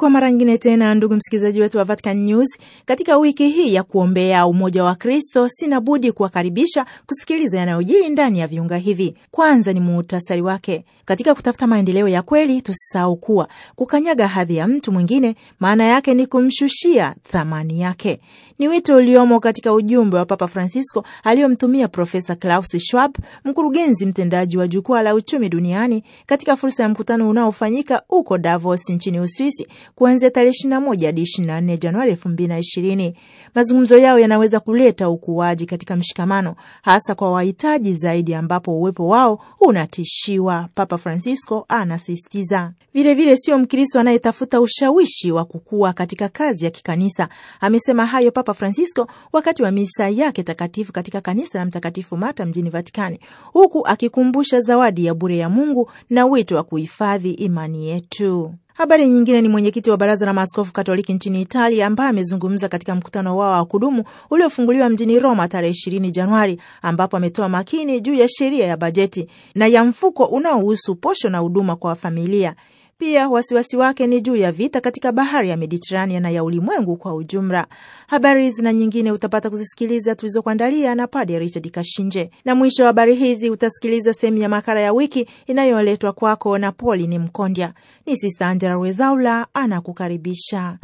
kwa mara nyingine tena, ndugu msikilizaji wetu wa Vatican News, katika wiki hii ya kuombea umoja wa Kristo, sina budi kuwakaribisha kusikiliza yanayojiri ndani ya viunga hivi. Kwanza ni muhtasari wake. Katika kutafuta maendeleo ya kweli, tusisahau kuwa kukanyaga hadhi ya mtu mwingine maana yake ni kumshushia thamani yake. Ni wito uliomo katika ujumbe wa Papa Francisco aliyomtumia Profesa Klaus Schwab, mkurugenzi mtendaji wa Jukwaa la Uchumi Duniani, katika fursa ya mkutano unaofanyika huko Davos nchini Uswisi kuanzia tarehe 21 hadi 24 Januari 2020. Mazungumzo yao yanaweza kuleta ukuaji katika mshikamano, hasa kwa wahitaji zaidi, ambapo uwepo wao unatishiwa, Papa Francisco anasisitiza. Vilevile sio Mkristo anayetafuta ushawishi wa kukua katika kazi ya kikanisa. Amesema hayo Papa Papa Francisco wakati wa misa yake takatifu katika kanisa la Mtakatifu Marta mjini Vatikani, huku akikumbusha zawadi ya bure ya Mungu na wito wa kuhifadhi imani yetu. Habari nyingine ni mwenyekiti wa baraza la maaskofu Katoliki nchini Italia, ambaye amezungumza katika mkutano wao wa kudumu uliofunguliwa mjini Roma tarehe ishirini Januari, ambapo ametoa makini juu ya sheria ya bajeti na ya mfuko unaohusu posho na huduma kwa familia pia wasiwasi wake ni juu ya vita katika bahari ya Mediterania na ya ulimwengu kwa ujumla. Habari hizi na nyingine utapata kuzisikiliza tulizokuandalia na Padre Richard Kashinje, na mwisho wa habari hizi utasikiliza sehemu ya makala ya wiki inayoletwa kwako na Pauline Mkondya. Ni Sista Angela Rwezaula anakukaribisha.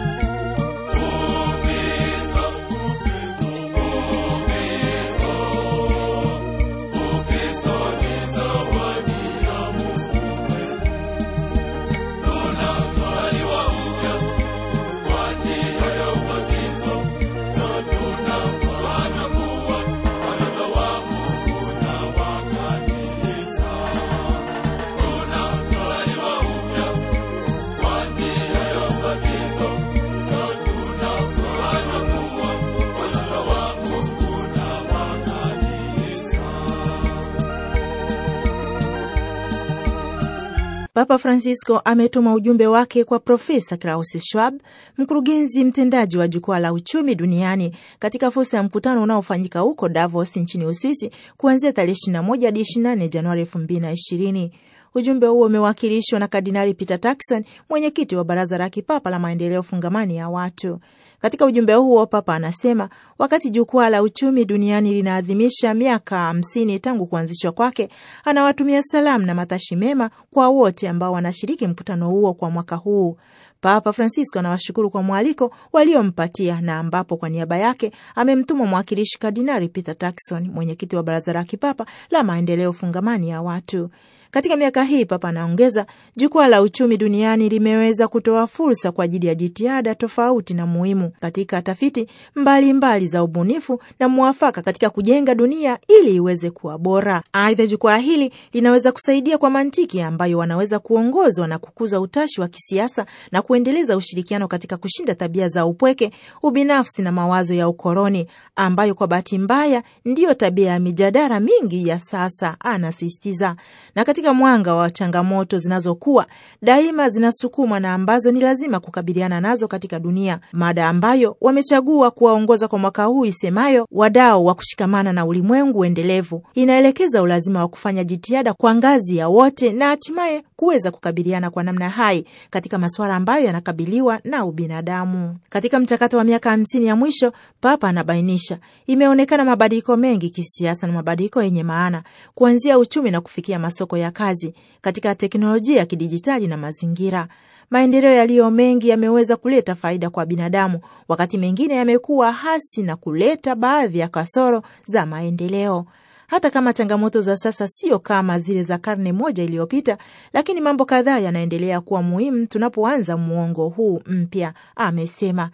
Papa Francisco ametuma ujumbe wake kwa Profesa Klaus Schwab, mkurugenzi mtendaji wa jukwaa la uchumi duniani katika fursa ya mkutano unaofanyika huko Davos nchini Uswisi kuanzia tarehe 21 hadi 24 Januari 2020. Ujumbe huo umewakilishwa na Kardinali Peter Turkson, mwenyekiti wa Baraza la Kipapa la Maendeleo Fungamani ya Watu. Katika ujumbe huo Papa anasema wakati jukwaa la uchumi duniani linaadhimisha miaka hamsini tangu kuanzishwa kwake, anawatumia salamu na matashi mema kwa wote ambao wanashiriki mkutano huo kwa mwaka huu. Papa Francisco anawashukuru kwa mwaliko waliompatia na ambapo kwa niaba yake amemtuma mwakilishi Kardinali Peter Turkson, mwenyekiti wa Baraza la Kipapa la Maendeleo Fungamani ya Watu. Katika miaka hii, Papa anaongeza, jukwaa la uchumi duniani limeweza kutoa fursa kwa ajili ya jitihada tofauti na muhimu katika tafiti mbalimbali mbali za ubunifu na mwafaka katika kujenga dunia ili iweze kuwa bora. Aidha, jukwaa hili linaweza kusaidia kwa mantiki ambayo wanaweza kuongozwa na kukuza utashi wa kisiasa na kuendeleza ushirikiano katika kushinda tabia za upweke, ubinafsi na mawazo ya ukoloni ambayo kwa bahati mbaya ndiyo tabia ya mijadala mingi ya sasa, anasisitiza. Na katika katika mwanga wa changamoto zinazokuwa daima zinasukumwa na ambazo ni lazima kukabiliana nazo katika dunia, mada ambayo wamechagua kuwaongoza kwa mwaka huu isemayo wadau wa kushikamana na ulimwengu endelevu, inaelekeza ulazima wa kufanya jitihada kwa ngazi ya wote na hatimaye kuweza kukabiliana kwa namna hai katika masuala ambayo yanakabiliwa na ubinadamu. Katika mchakato wa miaka hamsini ya mwisho, Papa anabainisha, imeonekana mabadiliko mengi kisiasa na mabadiliko yenye maana, kuanzia uchumi na kufikia masoko ya kazi, katika teknolojia ya kidijitali na mazingira. Maendeleo yaliyo mengi yameweza kuleta faida kwa binadamu, wakati mengine yamekuwa hasi na kuleta baadhi ya kasoro za maendeleo hata kama changamoto za sasa sio kama zile za karne moja iliyopita, lakini mambo kadhaa yanaendelea kuwa muhimu tunapoanza muongo huu mpya, amesema.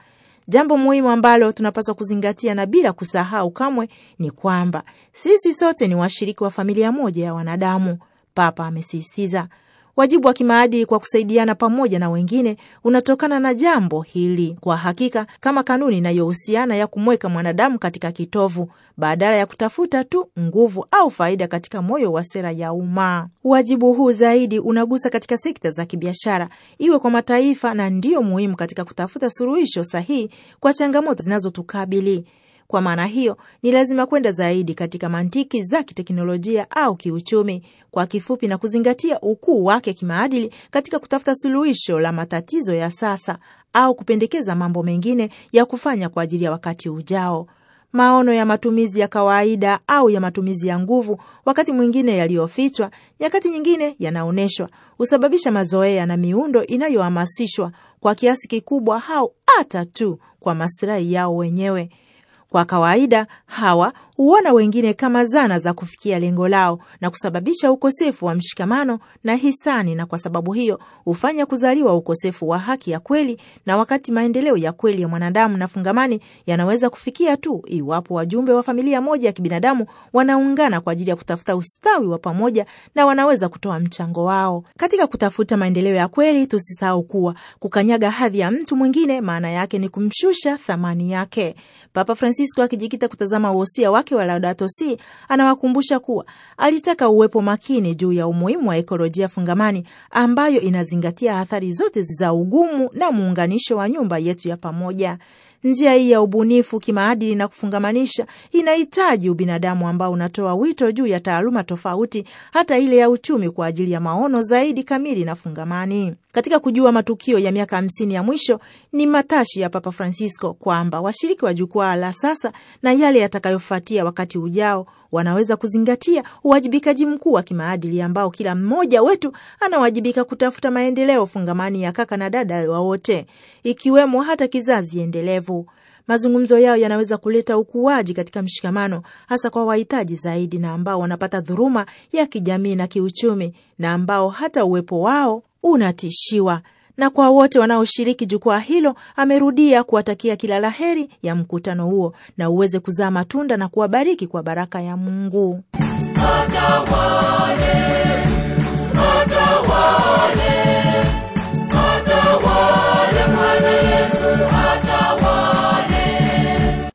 Jambo muhimu ambalo tunapaswa kuzingatia na bila kusahau kamwe ni kwamba sisi sote ni washiriki wa familia moja ya wanadamu, Papa amesisitiza. Wajibu wa kimaadili kwa kusaidiana pamoja na wengine unatokana na jambo hili kwa hakika, kama kanuni inayohusiana ya kumweka mwanadamu katika kitovu badala ya kutafuta tu nguvu au faida katika moyo wa sera ya umma. Wajibu huu zaidi unagusa katika sekta za kibiashara, iwe kwa mataifa, na ndiyo muhimu katika kutafuta suluhisho sahihi kwa changamoto zinazotukabili. Kwa maana hiyo ni lazima kwenda zaidi katika mantiki za kiteknolojia au kiuchumi, kwa kifupi, na kuzingatia ukuu wake kimaadili katika kutafuta suluhisho la matatizo ya sasa au kupendekeza mambo mengine ya kufanya kwa ajili ya wakati ujao. Maono ya matumizi ya kawaida au ya matumizi ya nguvu, wakati mwingine yaliyofichwa, nyakati nyingine yanaonyeshwa, husababisha mazoea na miundo inayohamasishwa kwa kiasi kikubwa au hata tu kwa masirahi yao wenyewe. Kwa kawaida hawa huona wengine kama zana za kufikia lengo lao na kusababisha ukosefu wa mshikamano na hisani, na kwa sababu hiyo hufanya kuzaliwa ukosefu wa haki ya kweli. Na wakati maendeleo ya kweli ya mwanadamu na fungamani yanaweza kufikia tu iwapo wajumbe wa familia moja ya kibinadamu wanaungana kwa ajili ya kutafuta ustawi wa pamoja na wanaweza kutoa mchango wao katika kutafuta maendeleo ya kweli. Tusisahau kuwa kukanyaga hadhi ya mtu mwingine maana yake ni kumshusha thamani yake. Papa Francis Francisco akijikita kutazama uhosia wake wa Laudato Si, anawakumbusha kuwa alitaka uwepo makini juu ya umuhimu wa ekolojia fungamani ambayo inazingatia athari zote za ugumu na muunganisho wa nyumba yetu ya pamoja. Njia hii ya ubunifu kimaadili na kufungamanisha inahitaji ubinadamu ambao unatoa wito juu ya taaluma tofauti, hata ile ya uchumi, kwa ajili ya maono zaidi kamili na fungamani. Katika kujua matukio ya miaka hamsini ya mwisho, ni matashi ya Papa Francisco kwamba washiriki wa jukwaa la sasa na yale yatakayofuatia wakati ujao wanaweza kuzingatia uwajibikaji mkuu wa kimaadili ambao kila mmoja wetu anawajibika kutafuta maendeleo fungamani ya kaka na dada wawote ikiwemo hata kizazi endelevu. Mazungumzo yao yanaweza kuleta ukuaji katika mshikamano, hasa kwa wahitaji zaidi na ambao wanapata dhuruma ya kijamii na kiuchumi, na ambao hata uwepo wao unatishiwa na kwa wote wanaoshiriki jukwaa hilo, amerudia kuwatakia kila laheri ya mkutano huo na uweze kuzaa matunda na kuwabariki kwa baraka ya Mungu. Atawale.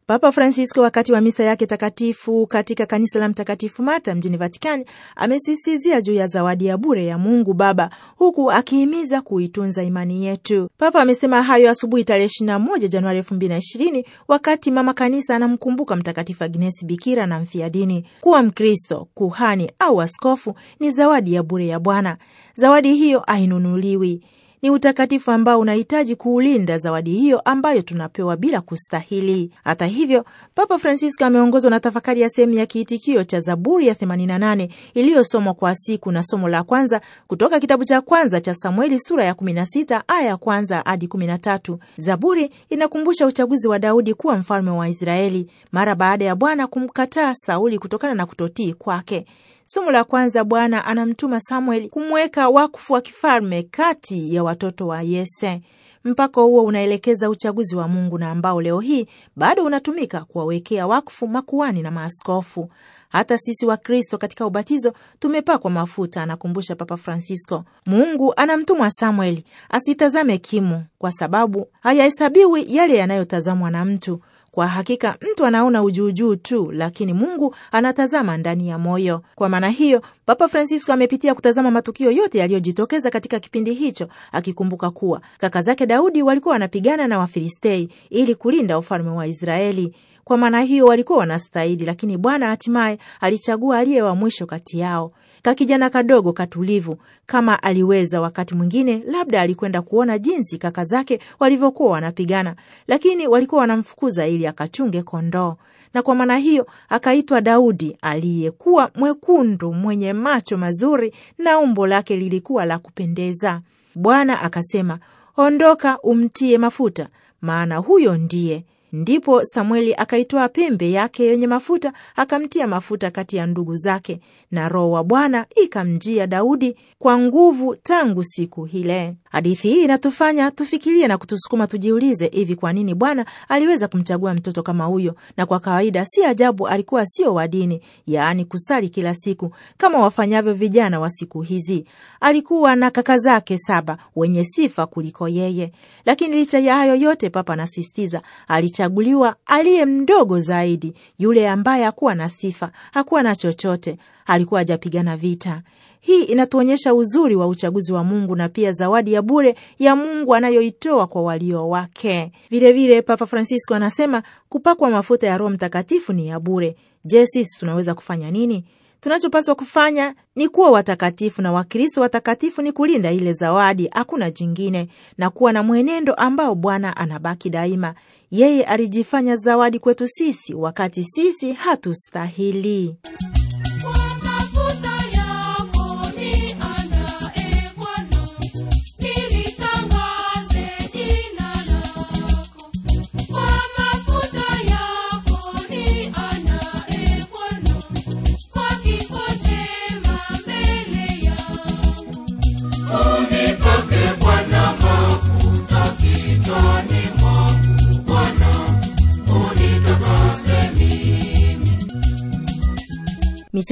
Papa Francisco wakati wa misa yake takatifu katika kanisa la Mtakatifu Marta mjini Vatikani amesisitiza juu ya zawadi ya bure ya Mungu Baba huku akihimiza kuitunza imani yetu. Papa amesema hayo asubuhi tarehe 21 Januari 2020 wakati mama kanisa anamkumbuka Mtakatifu Agnesi bikira na mfiadini. Kuwa Mkristo, kuhani au askofu ni zawadi ya bure ya Bwana. Zawadi hiyo hainunuliwi ni utakatifu ambao unahitaji kuulinda zawadi hiyo ambayo tunapewa bila kustahili. Hata hivyo, Papa Francisco ameongozwa na tafakari ya sehemu ya kiitikio cha Zaburi ya 88 iliyosomwa kwa siku na somo la kwanza kutoka kitabu cha kwanza cha Samueli sura ya 16 aya ya kwanza hadi 13. Zaburi inakumbusha uchaguzi wa Daudi kuwa mfalme wa Israeli mara baada ya Bwana kumkataa Sauli kutokana na kutotii kwake. Somo la kwanza, Bwana anamtuma Samueli kumweka wakfu wa kifalme kati ya watoto wa Yese. Mpaka huo unaelekeza uchaguzi wa Mungu na ambao leo hii bado unatumika kuwawekea wakfu makuani na maaskofu. Hata sisi Wakristo katika ubatizo tumepakwa mafuta, anakumbusha Papa Francisco. Mungu anamtumwa Samueli asitazame kimo kwa sababu hayahesabiwi yale yanayotazamwa na mtu kwa hakika mtu anaona ujuujuu tu, lakini Mungu anatazama ndani ya moyo. Kwa maana hiyo, Papa Francisco amepitia kutazama matukio yote yaliyojitokeza katika kipindi hicho, akikumbuka kuwa kaka zake Daudi walikuwa wanapigana na Wafilistei ili kulinda ufalme wa Israeli. Kwa maana hiyo walikuwa wanastahili, lakini Bwana hatimaye alichagua aliye wa mwisho kati yao kakijana kadogo katulivu kama aliweza. Wakati mwingine labda alikwenda kuona jinsi kaka zake walivyokuwa wanapigana, lakini walikuwa wanamfukuza ili akachunge kondoo, na kwa maana hiyo akaitwa Daudi aliyekuwa mwekundu, mwenye macho mazuri na umbo lake lilikuwa la kupendeza. Bwana akasema, ondoka, umtie mafuta, maana huyo ndiye Ndipo Samueli akaitoa pembe yake yenye mafuta akamtia mafuta kati ya ndugu zake, na Roho wa Bwana ikamjia Daudi kwa nguvu tangu siku ile. Hadithi hii inatufanya tufikirie na kutusukuma tujiulize, hivi kwa nini Bwana aliweza kumchagua mtoto kama huyo? Na kwa kawaida, si ajabu alikuwa sio wa dini, yaani kusali kila siku kama wafanyavyo vijana wa siku hizi. Alikuwa na kaka zake saba wenye sifa kuliko yeye, lakini licha ya hayo yote, Papa anasisitiza ali alichaguliwa aliye mdogo zaidi, yule ambaye hakuwa na sifa, hakuwa na chochote, alikuwa hajapigana vita. Hii inatuonyesha uzuri wa uchaguzi wa Mungu na pia zawadi ya bure ya Mungu anayoitoa kwa walio wake. Vilevile vile, Papa Francisco anasema kupakwa mafuta ya Roho Mtakatifu ni ya bure. Je, sisi tunaweza kufanya nini? Tunachopaswa kufanya ni kuwa watakatifu na Wakristo watakatifu ni kulinda ile zawadi, hakuna jingine, na kuwa na mwenendo ambao Bwana anabaki daima. Yeye alijifanya zawadi kwetu sisi wakati sisi hatustahili.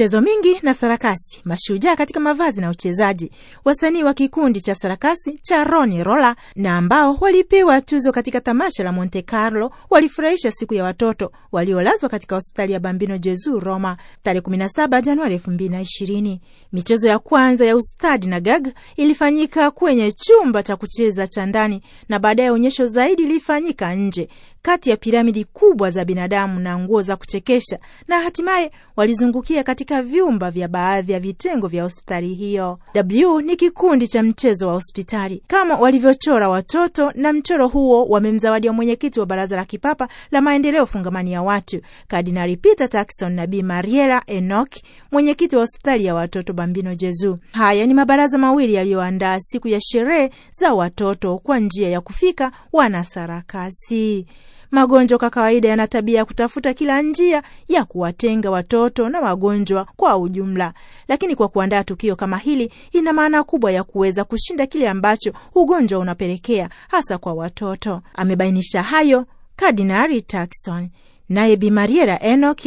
michezo mingi na sarakasi, mashujaa katika mavazi na uchezaji, wasanii wa kikundi cha sarakasi cha Roni Rola na ambao walipewa tuzo katika tamasha la Monte Carlo walifurahisha siku ya watoto waliolazwa katika hospitali ya Bambino jesu Roma tarehe 17 Januari 2020. Michezo ya kwanza ya ustadi na gag ilifanyika kwenye chumba cha kucheza cha ndani na baadaye onyesho zaidi ilifanyika nje kati ya piramidi kubwa za binadamu na nguo za kuchekesha na hatimaye walizungukia katika vyumba vya baadhi ya vitengo vya hospitali hiyo. W ni kikundi cha mchezo wa hospitali kama walivyochora watoto, na mchoro huo wamemzawadia mwenyekiti wa baraza la kipapa la maendeleo fungamani ya watu Kardinali Peter Turkson na Bi Mariela Enoch, mwenyekiti wa hospitali ya watoto Bambino Jezu. Haya ni mabaraza mawili yaliyoandaa siku ya sherehe za watoto kwa njia ya kufika wanasarakasi. Magonjwa kwa kawaida yana tabia ya kutafuta kila njia ya kuwatenga watoto na wagonjwa kwa ujumla, lakini kwa kuandaa tukio kama hili, ina maana kubwa ya kuweza kushinda kile ambacho ugonjwa unapelekea, hasa kwa watoto. Amebainisha hayo kardinari Turkson. Naye Bi Mariera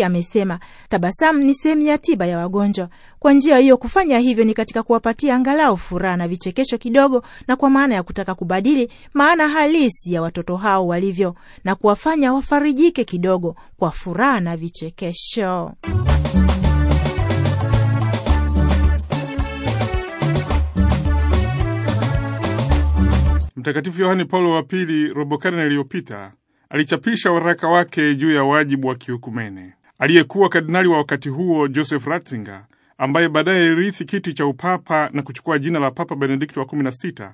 amesema tabasamu ni sehemu ya tiba ya wagonjwa. Kwa njia hiyo, kufanya hivyo ni katika kuwapatia angalau furaha na vichekesho kidogo, na kwa maana ya kutaka kubadili maana halisi ya watoto hao walivyo, na kuwafanya wafarijike kidogo kwa furaha na vichekesho. Mtakatifu Yohani Paulo wa Pili, robo karne iliyopita alichapisha waraka wake juu ya wajibu wa kihukumene. Aliyekuwa kardinali wa wakati huo Joseph Ratzinger, ambaye baadaye alirithi kiti cha upapa na kuchukua jina la Papa Benedikto wa 16,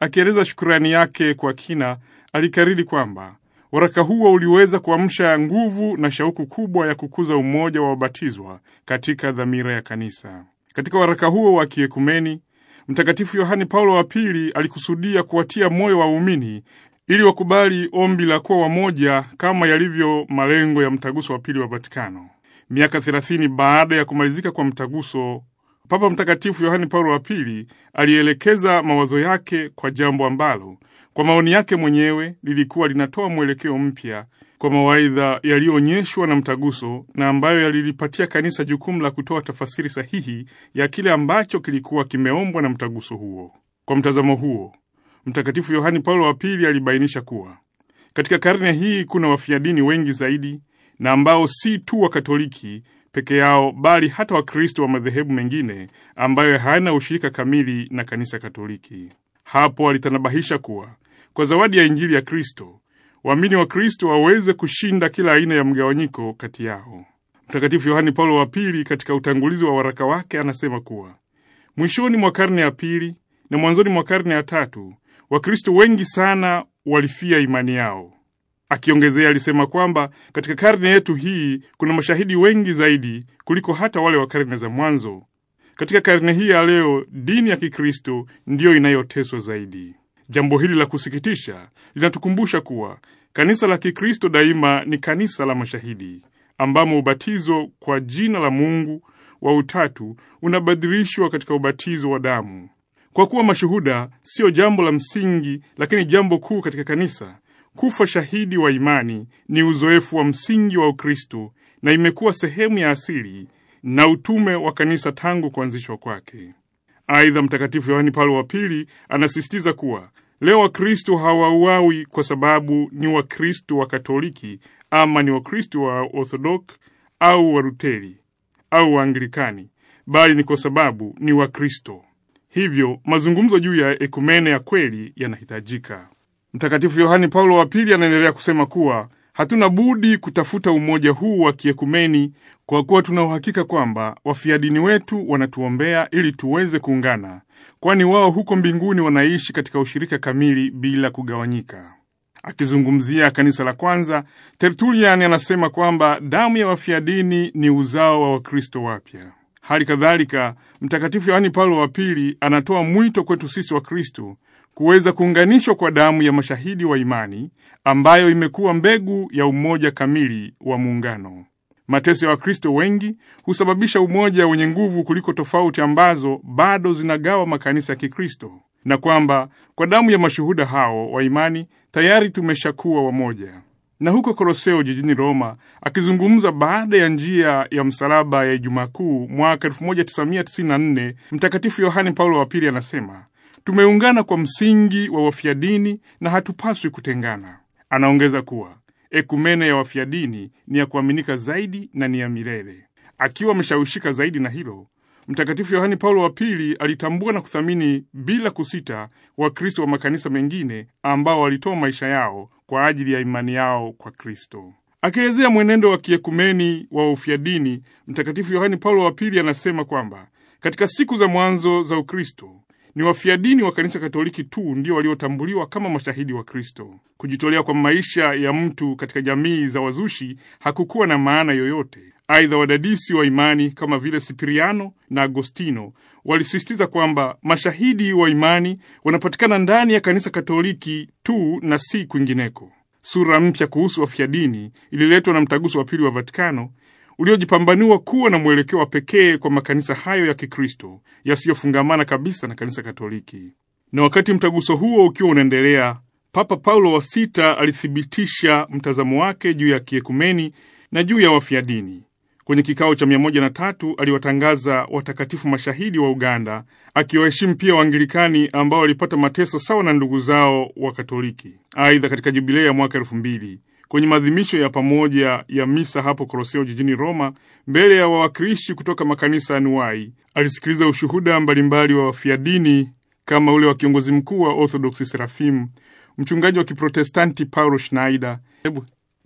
akieleza shukurani yake kwa kina, alikariri kwamba waraka huo uliweza kuamsha nguvu na shauku kubwa ya kukuza umoja wa wabatizwa katika dhamira ya kanisa. Katika waraka huo wa kiekumeni Mtakatifu yohani Paulo wa Pili alikusudia kuwatia moyo waumini ili wakubali ombi la kuwa wamoja kama yalivyo malengo ya mtaguso wa pili wa Vatikano. Miaka 30 baada ya kumalizika kwa mtaguso, Papa Mtakatifu Yohani Paulo wa Pili alielekeza mawazo yake kwa jambo ambalo kwa maoni yake mwenyewe lilikuwa linatoa mwelekeo mpya kwa mawaidha yaliyoonyeshwa na mtaguso na ambayo yalilipatia kanisa jukumu la kutoa tafasiri sahihi ya kile ambacho kilikuwa kimeombwa na mtaguso huo. Kwa mtazamo huo Mtakatifu Yohani Paulo wa Pili alibainisha kuwa katika karne hii kuna wafia dini wengi zaidi na ambao si tu Wakatoliki peke yao bali hata Wakristo wa madhehebu mengine ambayo hayana ushirika kamili na kanisa Katoliki. Hapo alitanabahisha kuwa kwa zawadi ya Injili ya Kristo waamini wa Kristo waweze kushinda kila aina ya mgawanyiko kati yao. Mtakatifu Yohani Paulo wa Pili katika utangulizi wa waraka wake anasema kuwa mwishoni mwa karne ya pili na mwanzoni mwa karne ya tatu Wakristo wengi sana walifia imani yao. Akiongezea alisema kwamba katika karne yetu hii kuna mashahidi wengi zaidi kuliko hata wale wa karne za mwanzo. Katika karne hii ya leo, dini ya Kikristo ndiyo inayoteswa zaidi. Jambo hili la kusikitisha linatukumbusha kuwa kanisa la Kikristo daima ni kanisa la mashahidi, ambamo ubatizo kwa jina la Mungu wa utatu unabadilishwa katika ubatizo wa damu. Kwa kuwa mashuhuda sio jambo la msingi, lakini jambo kuu katika kanisa. Kufa shahidi wa imani ni uzoefu wa msingi wa Ukristo na imekuwa sehemu ya asili na utume wa kanisa tangu kuanzishwa kwake. Aidha, Mtakatifu Yohani Paulo wa Pili anasisitiza kuwa leo Wakristo hawauawi kwa sababu ni Wakristo wa Katoliki ama ni Wakristo wa Orthodok au Waruteri au Waanglikani, bali ni kwa sababu ni Wakristo. Hivyo mazungumzo juu ya ekumene ya kweli yanahitajika. Mtakatifu Yohani Paulo wa Pili anaendelea kusema kuwa hatuna budi kutafuta umoja huu wa kiekumeni kwa kuwa tuna uhakika kwamba wafia dini wetu wanatuombea ili tuweze kuungana, kwani wao huko mbinguni wanaishi katika ushirika kamili bila kugawanyika. Akizungumzia kanisa la kwanza, Tertullian anasema kwamba damu ya wafia dini ni uzao wa Wakristo wapya. Hali kadhalika Mtakatifu Yohani Paulo wa Pili anatoa mwito kwetu sisi wa Kristo kuweza kuunganishwa kwa damu ya mashahidi wa imani ambayo imekuwa mbegu ya umoja kamili wa muungano. Mateso ya Wakristo wengi husababisha umoja wenye nguvu kuliko tofauti ambazo bado zinagawa makanisa ya Kikristo, na kwamba kwa damu ya mashuhuda hao wa imani tayari tumeshakuwa wamoja na huko Koloseo jijini Roma, akizungumza baada ya njia ya msalaba ya Ijumaa Kuu mwaka 1994, Mtakatifu Yohane Paulo wa Pili anasema tumeungana kwa msingi wa dini na hatupaswi kutengana. Anaongeza kuwa ekumene ya dini ni ya kuaminika zaidi na ni ya milele. Akiwa ameshawishika zaidi na hilo, Mtakatifu Yohani Paulo wa Pili alitambua na kuthamini bila kusita Wakristo wa makanisa mengine ambao walitoa maisha yao kwa ajili ya imani yao kwa Kristo. Akielezea mwenendo wa kiekumeni wa ufyadini, Mtakatifu Yohani Paulo wa Pili anasema kwamba katika siku za mwanzo za Ukristo ni wafiadini wa kanisa Katoliki tu ndio waliotambuliwa kama mashahidi wa Kristo. Kujitolea kwa maisha ya mtu katika jamii za wazushi hakukuwa na maana yoyote. Aidha, wadadisi wa imani kama vile Sipiriano na Agostino walisisitiza kwamba mashahidi wa imani wanapatikana ndani ya kanisa Katoliki tu na si kwingineko. Sura mpya kuhusu wafiadini ililetwa na mtaguso wa pili wa Vatikano uliojipambanua kuwa na mwelekeo wa pekee kwa makanisa hayo ya Kikristo yasiyofungamana kabisa na kanisa Katoliki. Na wakati mtaguso huo ukiwa unaendelea, Papa Paulo wa Sita alithibitisha mtazamo wake juu ya kiekumeni na juu ya wafia dini. Kwenye kikao cha 103 aliwatangaza watakatifu mashahidi wa Uganda, akiwaheshimu pia Waangilikani ambao walipata mateso sawa na ndugu zao wa Katoliki. Aidha, katika jubilei ya mwaka elfu mbili kwenye maadhimisho ya pamoja ya misa hapo Koloseo jijini Roma, mbele ya wawakilishi kutoka makanisa anuwai. Alisikiliza ushuhuda mbalimbali wa wafia dini kama ule wa kiongozi mkuu wa Orthodoksi Serafimu, mchungaji wa Kiprotestanti Paulo Schneider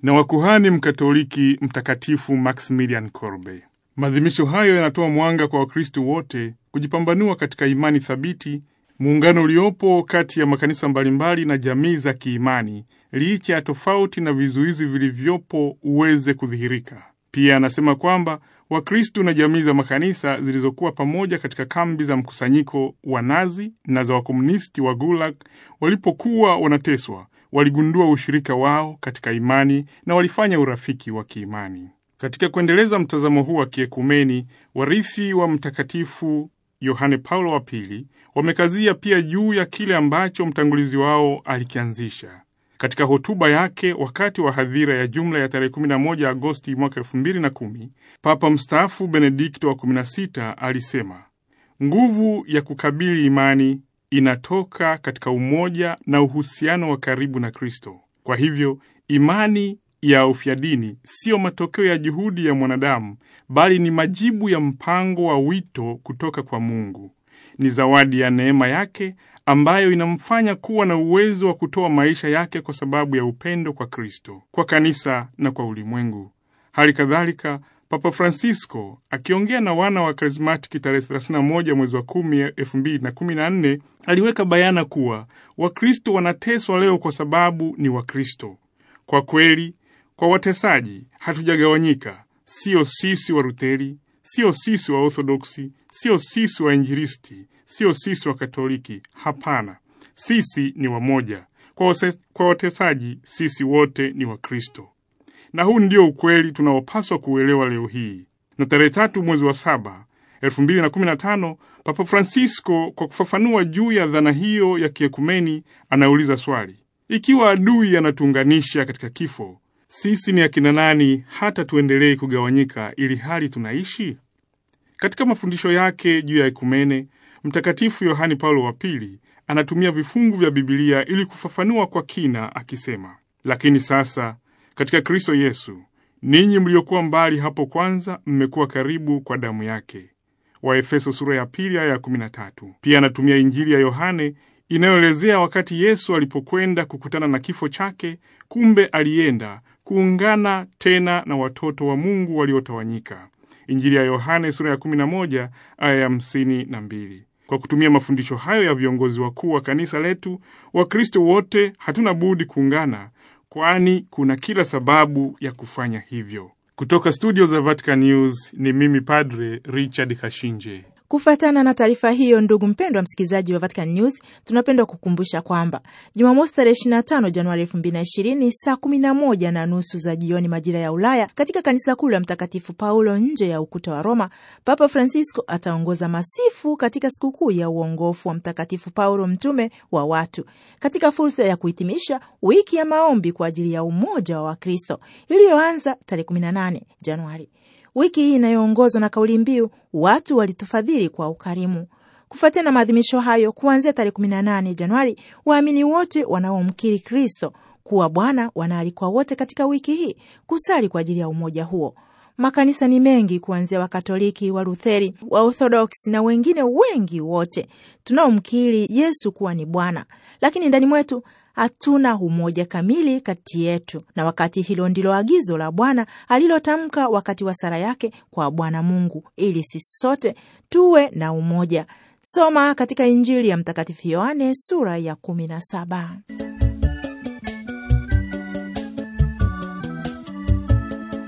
na wakuhani Mkatoliki Mtakatifu Maximilian Kolbe. Maadhimisho hayo yanatoa mwanga kwa Wakristu wote kujipambanua katika imani thabiti, muungano uliopo kati ya makanisa mbalimbali na jamii za kiimani licha ya tofauti na vizuizi vilivyopo uweze kudhihirika. Pia anasema kwamba Wakristu na jamii za makanisa zilizokuwa pamoja katika kambi za mkusanyiko wa Nazi na za wakomunisti wa Gulag walipokuwa wanateswa, waligundua ushirika wao katika imani na walifanya urafiki wa kiimani. Katika kuendeleza mtazamo huu wa kiekumeni, warithi wa Mtakatifu Yohane Paulo wa Pili wamekazia pia juu ya kile ambacho mtangulizi wao alikianzisha katika hotuba yake wakati wa hadhira ya jumla ya tarehe 11 Agosti mwaka 2010, Papa mstaafu Benedikto wa 16 alisema nguvu ya kukabili imani inatoka katika umoja na uhusiano wa karibu na Kristo. Kwa hivyo imani ya ufyadini siyo matokeo ya juhudi ya mwanadamu, bali ni majibu ya mpango wa wito kutoka kwa Mungu. Ni zawadi ya neema yake ambayo inamfanya kuwa na uwezo wa kutoa maisha yake kwa sababu ya upendo kwa Kristo, kwa kanisa na kwa ulimwengu. Hali kadhalika Papa Francisco akiongea na wana wa Karismatiki tarehe 31 mwezi wa 10 2014, aliweka bayana kuwa Wakristo wanateswa leo kwa sababu ni Wakristo. Kwa kweli, kwa watesaji hatujagawanyika, sio sisi wa Ruteri, sio sisi Waorthodoksi, sio sisi Wainjilisti, sio sisi wa Katoliki. Hapana, sisi ni wamoja. Kwa watesaji, sisi wote ni Wakristo, na huu ndio ukweli tunaopaswa kuuelewa leo hii. Na tarehe tatu mwezi wa saba 2015 Papa Francisco, kwa kufafanua juu ya dhana hiyo ya kiekumeni, anauliza swali: ikiwa adui anatuunganisha katika kifo, sisi ni akina nani hata tuendelee kugawanyika ili hali tunaishi? Katika mafundisho yake juu ya ekumene, Mtakatifu Yohani Paulo wa Pili anatumia vifungu vya Bibilia ili kufafanua kwa kina akisema, lakini sasa katika Kristo Yesu ninyi mliokuwa mbali hapo kwanza mmekuwa karibu kwa damu yake. Waefeso sura ya pili aya ya Pia anatumia Injili ya Yohane inayoelezea wakati Yesu alipokwenda kukutana na kifo chake, kumbe alienda kuungana tena na watoto wa Mungu waliotawanyika. Injili ya Yohane sura ya aya ya kwa kutumia mafundisho hayo ya viongozi wakuu wa kanisa letu, Wakristo wote hatuna budi kuungana, kwani kuna kila sababu ya kufanya hivyo. Kutoka studio za Vatican News ni mimi Padre Richard Kashinje. Kufuatana na taarifa hiyo, ndugu mpendwa msikilizaji wa Vatican News, tunapenda kukumbusha kwamba Jumamosi tarehe 25 Januari 2020 saa 11 na nusu za jioni majira ya Ulaya, katika kanisa kuu la Mtakatifu Paulo nje ya ukuta wa Roma, Papa Francisco ataongoza masifu katika sikukuu ya uongofu wa Mtakatifu Paulo mtume wa watu, katika fursa ya kuhitimisha wiki ya maombi kwa ajili ya umoja wa Wakristo iliyoanza tarehe 18 Januari. Wiki hii inayoongozwa na kauli mbiu watu walitufadhili kwa ukarimu. Kufuatia na maadhimisho hayo, kuanzia tarehe 18 Januari, waamini wote wanaomkiri Kristo kuwa Bwana wanaalikwa wote katika wiki hii kusali kwa ajili ya umoja huo. Makanisa ni mengi kuanzia Wakatoliki, Walutheri, Waorthodoksi na wengine wengi wote tunaomkiri Yesu kuwa ni Bwana, lakini ndani mwetu hatuna umoja kamili kati yetu, na wakati hilo ndilo agizo la Bwana alilotamka wakati wa sala yake kwa Bwana Mungu ili sisi sote tuwe na umoja. Soma katika Injili ya Mtakatifu Yohane sura ya kumi na saba.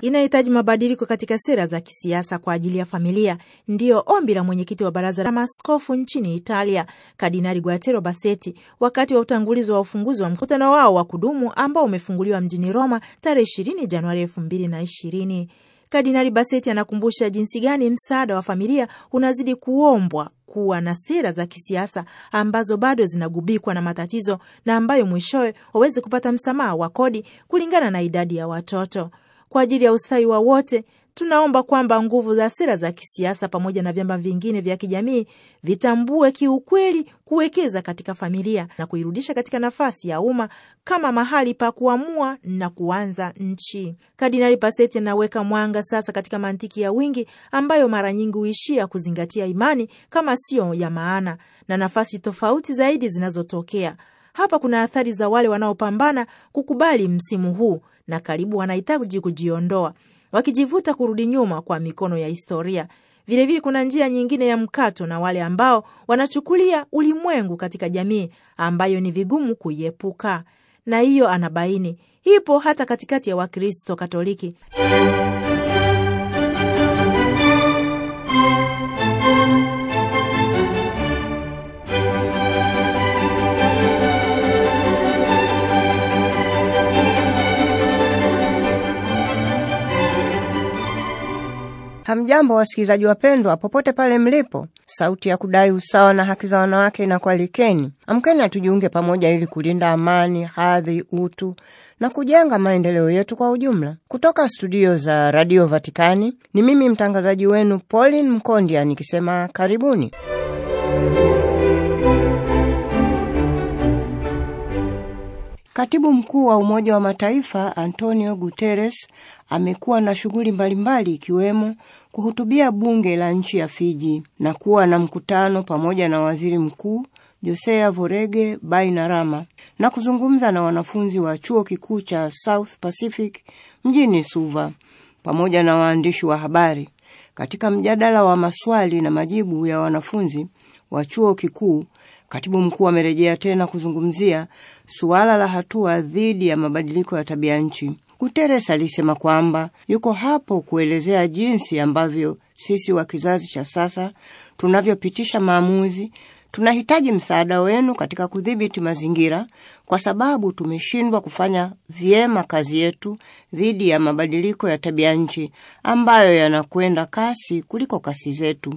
inahitaji mabadiliko katika sera za kisiasa kwa ajili ya familia, ndiyo ombi la mwenyekiti wa baraza la maskofu nchini Italia, Kardinali Guatero baseti wakati wa utangulizi wa ufunguzi wa mkutano wao wa kudumu ambao umefunguliwa mjini Roma tarehe 20 Januari 2020. Kardinali baseti anakumbusha jinsi gani msaada wa familia unazidi kuombwa kuwa na sera za kisiasa ambazo bado zinagubikwa na matatizo na ambayo mwishowe waweze kupata msamaha wa kodi kulingana na idadi ya watoto kwa ajili ya ustawi wa wote, tunaomba kwamba nguvu za sera za kisiasa pamoja na vyama vingine vya kijamii vitambue kiukweli kuwekeza katika familia na kuirudisha katika nafasi ya umma kama mahali pa kuamua na kuanza nchi. Kardinali Paseti anaweka mwanga sasa katika mantiki ya wingi ambayo mara nyingi huishia kuzingatia imani kama sio ya maana na nafasi tofauti zaidi zinazotokea hapa. Kuna athari za wale wanaopambana kukubali msimu huu na karibu wanahitaji kujiondoa, wakijivuta kurudi nyuma kwa mikono ya historia. Vilevile kuna njia nyingine ya mkato na wale ambao wanachukulia ulimwengu katika jamii ambayo ni vigumu kuiepuka, na hiyo anabaini ipo hata katikati ya Wakristo Katoliki. Hamjambo wasikilizaji wapendwa, popote pale mlipo. Sauti ya kudai usawa na haki za wanawake inakualikeni. Amkeni atujiunge pamoja ili kulinda amani, hadhi, utu na kujenga maendeleo yetu kwa ujumla. Kutoka studio za Radio Vatikani ni mimi mtangazaji wenu Pauline Mkondia nikisema karibuni. Katibu mkuu wa Umoja wa Mataifa Antonio Guterres amekuwa na shughuli mbalimbali ikiwemo kuhutubia bunge la nchi ya Fiji na kuwa na mkutano pamoja na waziri mkuu Josea Vorege Bainarama na kuzungumza na wanafunzi wa chuo kikuu cha South Pacific mjini Suva pamoja na waandishi wa habari katika mjadala wa maswali na majibu ya wanafunzi wa chuo kikuu. Katibu mkuu amerejea tena kuzungumzia suala la hatua dhidi ya mabadiliko ya tabia nchi Guterres alisema kwamba yuko hapo kuelezea jinsi ambavyo sisi wa kizazi cha sasa tunavyopitisha maamuzi. Tunahitaji msaada wenu katika kudhibiti mazingira, kwa sababu tumeshindwa kufanya vyema kazi yetu dhidi ya mabadiliko ya tabia nchi ambayo yanakwenda kasi kuliko kasi zetu.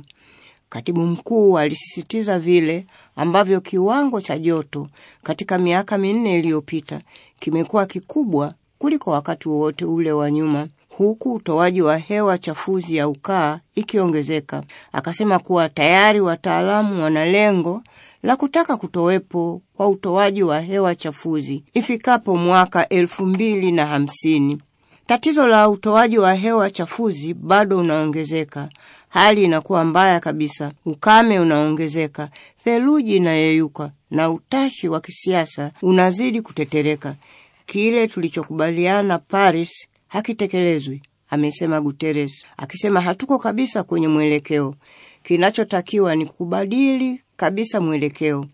Katibu mkuu alisisitiza vile ambavyo kiwango cha joto katika miaka minne iliyopita kimekuwa kikubwa kuliko wakati wowote ule wa nyuma, huku utoaji wa hewa chafuzi ya ukaa ikiongezeka. Akasema kuwa tayari wataalamu wana lengo la kutaka kutowepo kwa utoaji wa hewa chafuzi ifikapo mwaka elfu mbili na hamsini. Tatizo la utoaji wa hewa chafuzi bado unaongezeka. Hali inakuwa mbaya kabisa, ukame unaongezeka, theluji inayeyuka na utashi wa kisiasa unazidi kutetereka kile tulichokubaliana Paris hakitekelezwi, amesema Guterres, akisema hatuko kabisa kwenye mwelekeo. Kinachotakiwa ni kubadili kabisa mwelekeo.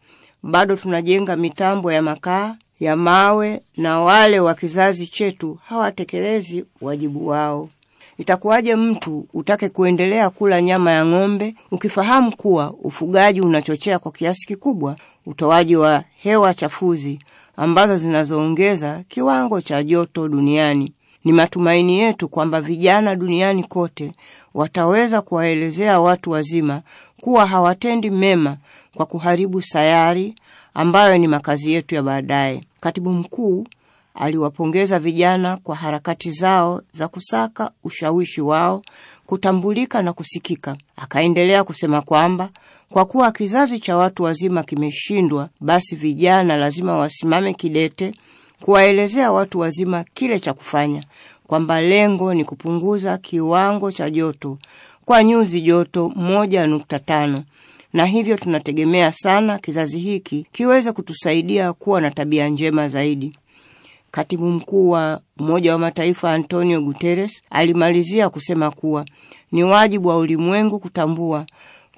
Bado tunajenga mitambo ya makaa ya mawe na wale wa kizazi chetu hawatekelezi wajibu wao. Itakuwaje mtu utake kuendelea kula nyama ya ng'ombe ukifahamu kuwa ufugaji unachochea kwa kiasi kikubwa utoaji wa hewa chafuzi ambazo zinazoongeza kiwango cha joto duniani? Ni matumaini yetu kwamba vijana duniani kote wataweza kuwaelezea watu wazima kuwa hawatendi mema kwa kuharibu sayari ambayo ni makazi yetu ya baadaye. Katibu Mkuu aliwapongeza vijana kwa harakati zao za kusaka ushawishi wao kutambulika na kusikika. Akaendelea kusema kwamba kwa kuwa kizazi cha watu wazima kimeshindwa, basi vijana lazima wasimame kidete kuwaelezea watu wazima kile cha kufanya, kwamba lengo ni kupunguza kiwango cha joto kwa nyuzi joto tano na hivyo tunategemea sana kizazi hiki kiweze kutusaidia kuwa na tabia njema zaidi. Katibu mkuu wa Umoja wa Mataifa Antonio Guterres alimalizia kusema kuwa ni wajibu wa ulimwengu kutambua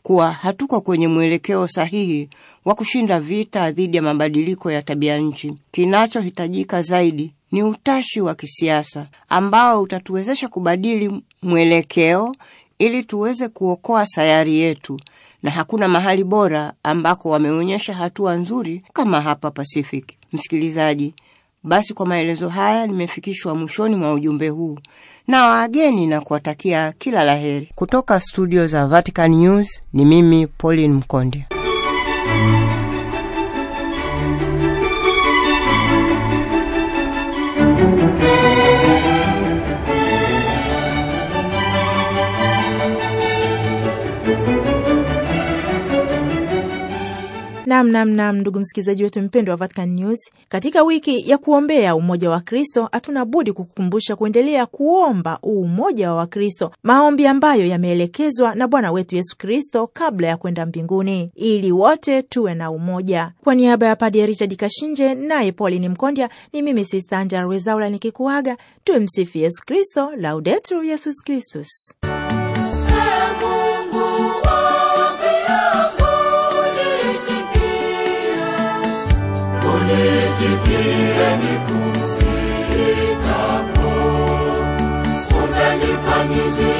kuwa hatuko kwenye mwelekeo sahihi wa kushinda vita dhidi ya mabadiliko ya tabia nchi. Kinachohitajika zaidi ni utashi wa kisiasa ambao utatuwezesha kubadili mwelekeo ili tuweze kuokoa sayari yetu, na hakuna mahali bora ambako wameonyesha hatua nzuri kama hapa Pasifiki. Msikilizaji, basi kwa maelezo haya nimefikishwa mwishoni mwa ujumbe huu na wageni na kuwatakia kila laheri kutoka studio za Vatican News. Ni mimi Pauline Mkonde. namnamnam nam, nam, ndugu msikilizaji wetu mpendwa wa Vatican News, katika wiki ya kuombea umoja wa Kristo hatuna budi kukukumbusha kuendelea kuomba huu umoja wa Wakristo, maombi ambayo yameelekezwa na Bwana wetu Yesu Kristo kabla ya kwenda mbinguni, ili wote tuwe na umoja. Kwa niaba ya Padre Richard Kashinje naye Paulini Mkondya, ni mimi Sista Angela Rwezaula nikikuaga. Tumsifu Yesu Kristo, Laudetur Yesus Kristus. nisikie nikusifu kwako, unanifanyizia